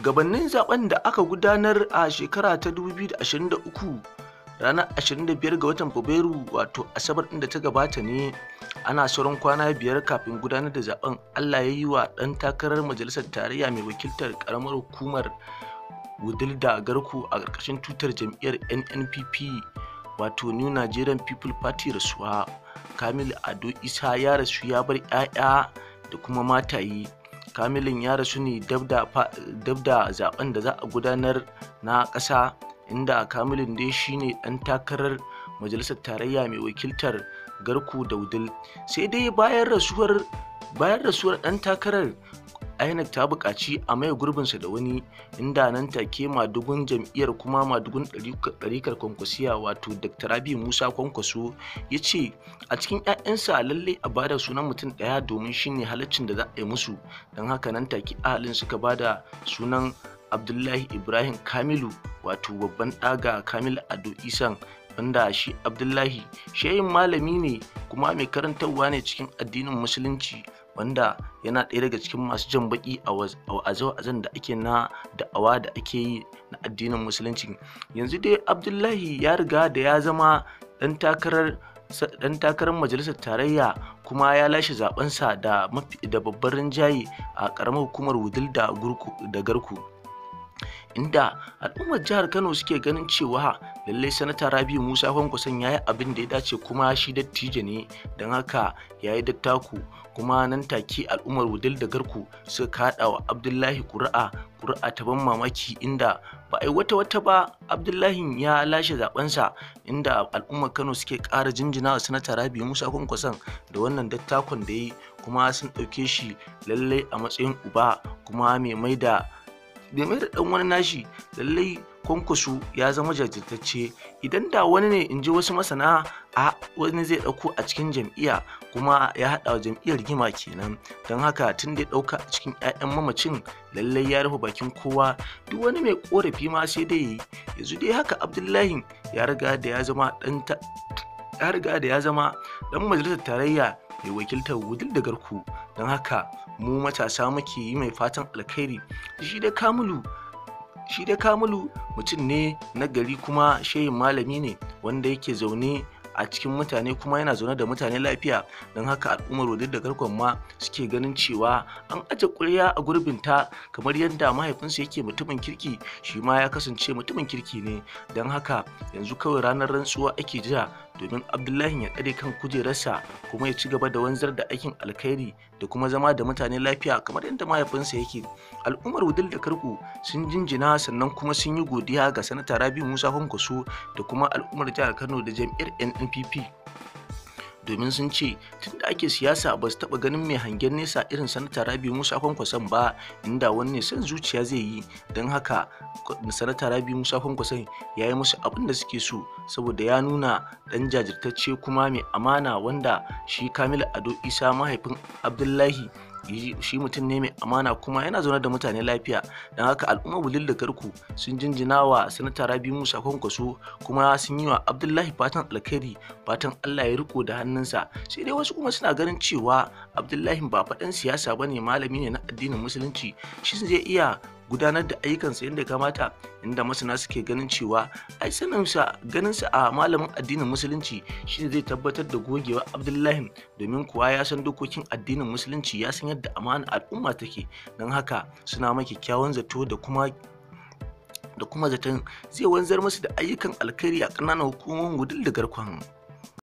gabanin zaben da aka gudanar a shekara ta 2023 ranar 25 ga watan fabrairu wato asabar inda ta gabata ne ana sauran kwana biyar kafin gudanar da zaben allah ya yi wa ɗan takarar majalisar tarayya mai wakiltar karamar hukumar da garku a ƙarƙashin tutar jam'iyyar nnpp wato new nigerian people party rasuwa kamil ado isa ya rasu ya bar 'ya'ya da kuma mataye kamilin ya rasu ne dab da zaben da za a gudanar na ƙasa inda kamilin dai shine ɗan takarar majalisar tarayya mai wakiltar garku daudil sai dai bayan rasuwar bayan rasuwar ɗan takarar inec ta bukaci a maye gurbinsa da wani inda nan take madugun jam'iyyar kuma madugun ɗarikar kwankwasiya wato dr rabi musa kwankwaso ya ce a cikin 'ya'yansa lallai a bada sunan mutum ɗaya domin shine halaccin da za a yi musu don haka nan take ahalin suka bada sunan abdullahi ibrahim kamilu wato babban ɗaga kamilu ado isan wanda shi abdullahi shehin malami ne kuma mai karantarwa ne cikin addinin musulunci wanda yana ɗaya daga cikin masu jan baƙi a waaze da ake na da'awa da ake yi na addinin musulunci yanzu dai abdullahi ya riga da ya zama ɗan takarar majalisar tarayya kuma ya lashe zabensa da babban rinjaye a ƙaramar hukumar wudil da garku inda al'ummar jihar kano suke ganin cewa lallai sanata rabiu musa kwankwason ya yi abin da ya dace kuma shi dattijo ne don haka ya yi dattaku kuma nan take al'ummar wudil da garku suka kaɗa wa abdullahi ƙuri'a ƙuri'a ta ban mamaki inda ba a yi wata wata ba abdullahi ya lashe zabensa inda al'ummar kano suke ƙara jinjina wa sanata rabiu musa kwankwason da wannan dattakon da yi kuma sun ɗauke shi lallai a matsayin uba kuma mai maida domin da ɗan wani nashi lallai kwankwaso ya zama jajirtacce idan da wani ne in ji wasu masana a wani zai ɗauko a cikin jam'iyya kuma ya haɗa wa jam'iyyar gima kenan don haka tun da ɗauka a cikin 'ya'yan mamacin lallai ya rufe bakin kowa duk wani mai ƙorafi ma sai dai yanzu dai haka abdullahi ya riga da ya zama ɗan ya riga da ya zama ɗan majalisar tarayya mai wakiltar wudil da garku don haka mu matasa muke yi mai fatan alkhairi shi dai kamulu mutum ne na gari kuma shehin malami ne wanda yake zaune a cikin mutane kuma yana zaune da mutane lafiya don haka al'ummar wadda da garkon ma suke ganin cewa an aje ƙurya a gurbin ta, kamar yadda mahaifinsa yake mutumin kirki shi ma ya kasance mutumin kirki ne don haka yanzu kawai ranar rantsuwa ake jira domin abdullahi ya ɗare kan kujerarsa kuma ya ci gaba da wanzar da aikin alkhairi da kuma zama da mutane lafiya kamar yadda mahaifinsa yake al'ummar wudil da karku sun jinjina sannan kuma sun yi godiya ga sanata rabi musa kwankwaso da kuma al'ummar jihar kano da jam'iyyar nnpp domin sun ce tun da ake siyasa ba su taɓa ganin mai hangen nesa irin sanata rabi musa kwankwason ba inda wani son zuciya zai yi don haka sanata rabi musa kwankwason ya yi musu abin da suke so saboda ya nuna dan jajirtacce kuma mai amana wanda shi kamilu ado isa mahaifin abdullahi shi mutum ne mai amana kuma yana zaune da mutane lafiya don haka al'umma bulil karku sun jinjina wa sanata rabi musa kwankwaso kuma sun yi wa abdullahi fatan alkhairi fatan allah ya riko da hannunsa sai dai wasu kuma suna ganin cewa abdullahi ba faɗin siyasa ba ne malami ne na addinin musulunci shi zai iya gudanar da ayyukansa yadda kamata inda masana suke ganin cewa ai saninsa ganinsa a malamin addinin musulunci shine zai tabbatar da gogewa abdullahi domin kuwa ya san dokokin addinin musulunci ya san yadda amana al'umma take don haka suna ma kyakkyawan zato da kuma da kuma zaton zai wanzar musu da ayyukan alkhairi a kananan hukumomin gudun da garkon.